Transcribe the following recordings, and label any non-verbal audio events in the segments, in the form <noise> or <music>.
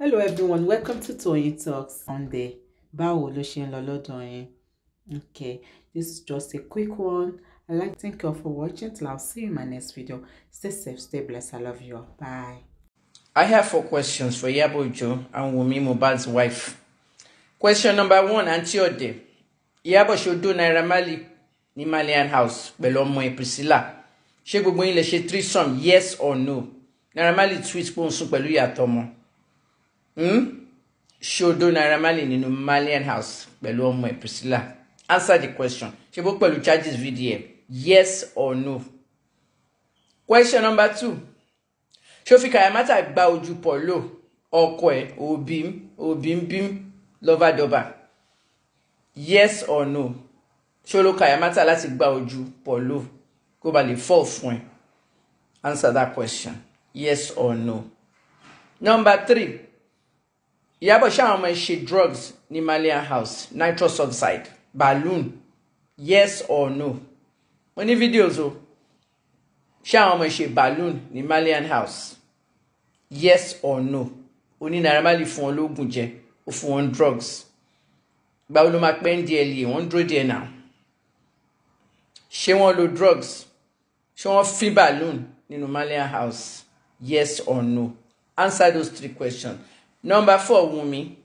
hello everyone welcome to Toyeen Talks Sunday báwo ló ṣe ń lọ lọ́dọ̀ yín okay this is just a quick one i like thank you all for watching till i'll see you in my next video stay safe stay blessed i love you all bye. i have four questions for Yabojo and Wumi Mohbad's wife question number one aunty Ode Iyabo ṣodo Naira Marley ní Marleyan house pẹ̀lú ọmọ ẹ̀ Priscilla ṣé gbogbo yín lè ṣe threesome yes or no Naira Marley tweet pé òun sùn pẹ̀lú ìyàtọ̀ ọmọ. Hmm? ṣodo Naira Marley nínú Malian house pẹ̀lú ọmọ ẹ̀ Priscilla answer the question ṣe bó pẹ̀lú charges VDM yes or no question number two ṣòfin kàyàmátà gba ojú pọ̀ lò ọkọ ẹ̀ òbí òbí ń bí lọ́bàdọ́bà yes or no ṣòro kàyàmátà láti gba ojú pọ̀ lò kó ba lè fọ́ fún ẹ answer that question yes or no number three Ìyábọ̀ shawo àwọn ọmọ drugs ní Malian house nitrous oxide balloon yes or no mo ní videos o shawo àwọn ọmọ balloon ní Malian house yes or no Oni Naira Marley fún wọn lóògùn jẹ ó fún wọn drugs gbàwo ló máa pẹ́ ń DLA e? wọ́n ń dúró díẹ̀ náà ṣé lo drugs ṣé wọ́n fi balloon nínú Malian house yes or no answer those three questions number four wunmi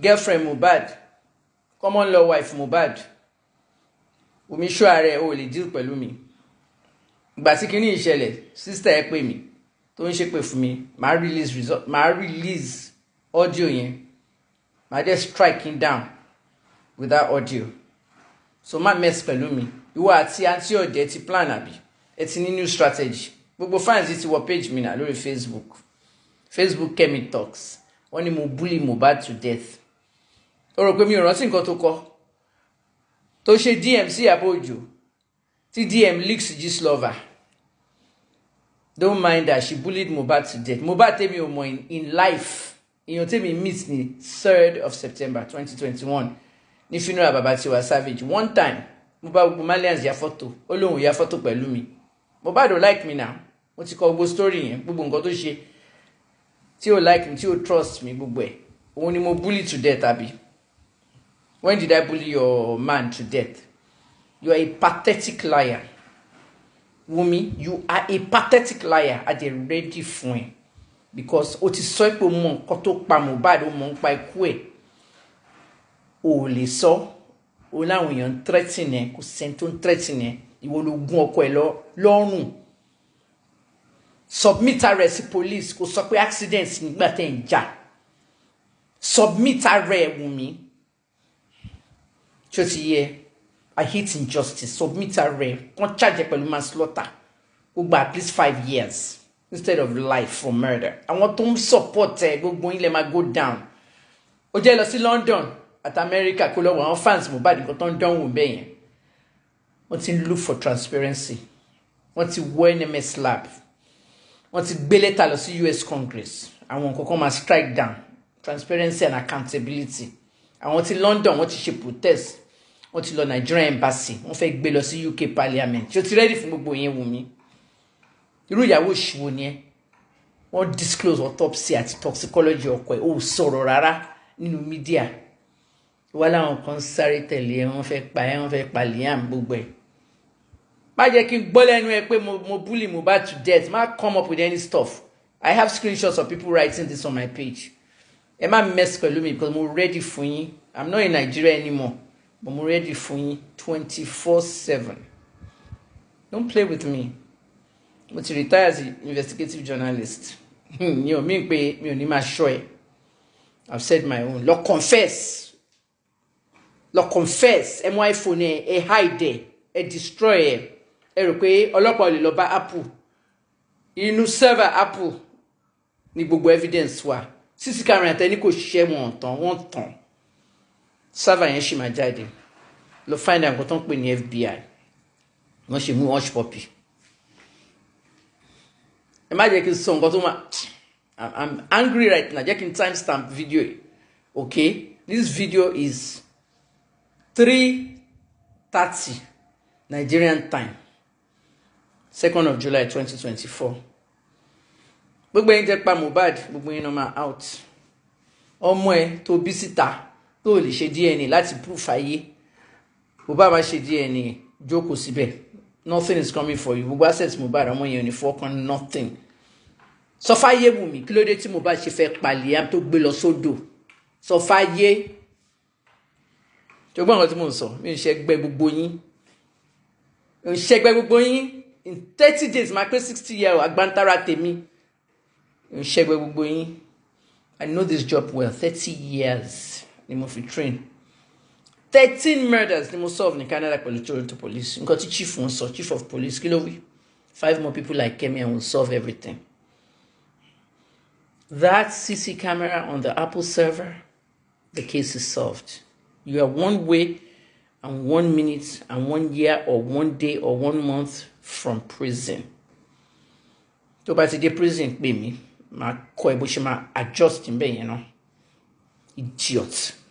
girlfriend mohbad common law wife mohbad wunmi ṣọ́ ara ẹ̀ o lè deal pẹ̀lú mi ìgbà tí kinní ìṣẹ̀lẹ̀ sísítà ẹ̀ pè mí tó ń ṣépè fún mi màá release result màá release audio yẹn màá just strike him down without audio so má mess pẹ̀lú mi ìwọ àti àǹtí ọ̀dẹ̀ ti plan àbí ẹ ti ní new strategy gbogbo fans yìí ti wọ page mi náà lórí Facebook. Facebook Kemi Talks wọ́n ní mo bully Mohbad to death ó rò pé mi ò rántí nǹkan tó kọ tó ṣe DM sí Ìyábọ̀ Òjó tí DM leaks Gistlover don't mind that she bullied Mohbad to death Mohbad tèmi ò mọ̀ in life èèyàn tèmi meet ní third of September twenty twenty one ní funeral Babatiwa Savage one time mo bá gbogbo malians ya fọ́tò ó lóun ya fọ́tò pẹ̀lú mi Mohbad ò like mi now mo ti kọ gbogbo story yẹn gbogbo nǹkan tó ṣe tí o like me tí o trust me gbogbo ẹ̀ òun ni mo bully to death Abi. when did I bully your man to death you are a pathetic liar Wumi you are a pathetic liar a dey ready fún ẹ because o ti sọ pé o mọ nǹkan tó pa Mohbad o mọ nípa ikú ẹ̀ o ò lè sọ o láwọn èèyàn ń threaten ẹ kò sẹ́ni tó ń threaten ẹ ìwọ ló gún ọkọ ẹ lọ́rùn. Lo, submit ara ẹ̀ sí police kò sọ pé accident nígbà tẹ́ ń jà submit ara ẹ̀ wù mí tí ó ti yẹ i hate injustice submit ara ẹ̀ kàn charge pẹ̀lú manslaughter gbogbo at least five years instead of life for murder àwọn tó ń support ẹ gbogbo yín lè máa go down ó jẹ́ lọ sí London àti America kó lọ́wọ́ àwọn fans Mohbad nǹkan tó ń dánwò bẹ́ẹ̀ wọ́n ti look for transparency wọ́n ti wọ́ NMS lab wọ́n ti gbé lẹ́tà lọ sí US Congress àwọn nǹkan kan máa strike down transparency and accountability àwọn ti London wọ́n ti ṣe protest wọ́n ti lọ Nigeria embassy wọ́n fẹ́ gbé lọ sí UK Parliament ṣé o ti ready fún gbogbo yẹn Wùmí irú ìyàwó òṣùwò ni ẹ wọ́n disclose autopsy àti toxicology ọkọ ẹ̀ ò sọ̀rọ̀ rárá nínú mídíà wọ́n láwọn kan sáré tẹ̀lé ẹ wọ́n fẹ́ pa ẹ wọ́n fẹ́ pa Liam gbogbo ẹ̀ má jẹ́ kí n gbọ́ lẹ́nu ẹ pé mo bully Mohbad to death má come up with any stuff I have screenshots of people writing this on my page ẹ má mess pẹ̀lú mi because mo ready fún yín I'm not in Nigeria anymore but mo ready fún yín twenty four seven don't play with me mo ti retire as an investigative journalist <laughs> mi ò mí pé mi ò ní máa ṣọ́ ẹ I've said my own lọ confess lọ confess ẹ mú iPhone ẹ ẹ hide ẹ ẹ destroy ẹ ẹ rò pé ọlọ́pàá ò lè lọ bá apple inú server apple ni gbogbo evidence wà cc camera àtẹni kò ṣiṣẹ́ wọn tán wọ́n tán server yẹn ṣì máa jáde lọ find out nǹkan tó ń pè ní FBI wọ́n ṣe mú wọ́n ṣe pọ́pì ẹ má jẹ́ kí n sọ nǹkan tó máa i'm angry right now jẹ́ kí n timestamp video yìí okay this video is three thirty Nigerian time second of July 2024. twenty four gbogbo yín tẹ́ pa Mohbad gbogbo yín náà out ọmọ ẹ tó bí síta tó lè ṣe DNA láti proof ayé Mohbad máa ṣe DNA jókòó síbẹ̀ nothing is coming for you gbogbo access Mohbad ọmọ yẹn ò ní fọkàn nothing sọ fáyé Wùmí kí ló dé tí Mohbad ṣe fẹ́ palẹ̀ am tó gbé lọ sódò sọ fáyé tó gbọ́ nǹkan tí mò ń sọ mi ò ṣe gbẹ gbogbo yín ò ṣe gbẹ gbogbo yín in thirty days máa pé sixty year agbántara tèmi ń ṣẹ́gbẹ́ gbogbo yín I know this job well thirty years ni mo fi train thirteen murders ni mo solve ní Canada pẹ̀lú Toronto police nǹkan tí chief ń sọ chief of police kí ló five more people like Kemi and we'll solve everything that CC camera on the Apple server the case is solved you are one way and one minute and one year or one day or one month from prison tó bá ti dé prison pè mí màá kọ́ ẹ bó ṣe máa adjust ń bẹ̀ yẹn náà idiot.